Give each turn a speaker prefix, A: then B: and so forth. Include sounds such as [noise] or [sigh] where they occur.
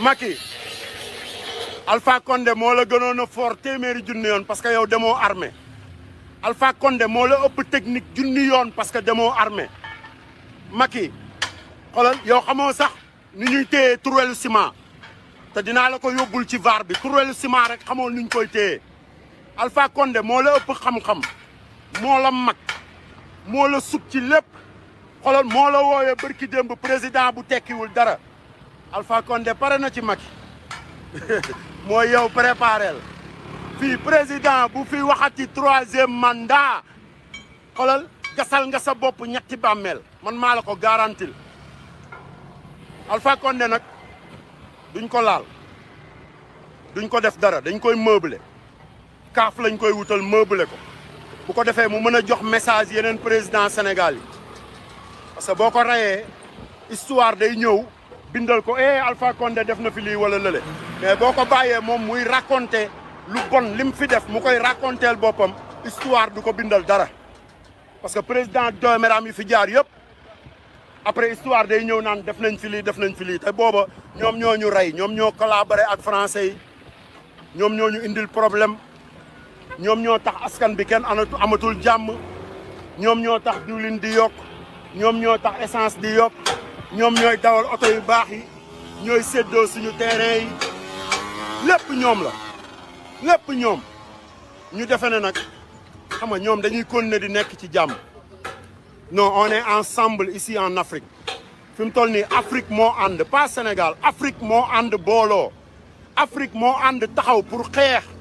A: Macky Alpha Condé moo la gënoon a téeméeri junni yoon parce que yow demoo armée Alpha Condé moo la ëpp technique junni yoon parce que demoo armée Macky xoolal yow xamoo sax ni ñuy téye turelu ciment te dinaa la ko yóbbul ci vaar bi turelu ciment rek xamoo nuñ koy téye Alpha Condé moo la ëpp xam-xam moo mag moo la suk ci lépp xoolal moo la woowee bërki président bu tekkiwul dara Alpha Condé pare na ci Macky [laughs] mooy yow préparel fii président bu fi waxati troisième mandat xoolal gasal nga sa bopp ñetti bàmmeel man maa la ko garantil Alpha Condé nag duñ ko laal duñ ko def dara dañ koy meubler kaaf lañ koy wutal meublé ko bu ko defee mu mën a jox message yeneen président Sénégal yi parce que boo ko rayee histoire day ñëw bindal ko eh Alpha Condé def na fi lii wala lële mais boo ko bàyyee moom muy raconter lu bon lim fi def mu koy raconteel boppam histoire du ko bindal dara parce que président dooméram yi fi jaar yëpp après histoire day ñëw naan def nañ fi lii def nañ fi lii te booba ñoom ñoo ñu rey ñoom ñoo collaboré ak français ñoom ñoo ñu indil problème ñoom ñoo tax askan bi kenn amatul jàmm ñoom ñoo tax diwlin di yokk ñoom ñoo tax essence di yokk ñoom ñooy dawal oto yu baax yi ñooy seddoo suñu terrain yi lépp ñoom la lépp ñoom ñu defe ne nag xam nga ñoom dañuy continuer di nekk ci jàmm non on est ensemble ici en Afrique fi mu toll nii Afrique moo ànd pas Sénégal Afrique moo ànd booloo Afrique moo ànd taxaw pour xeex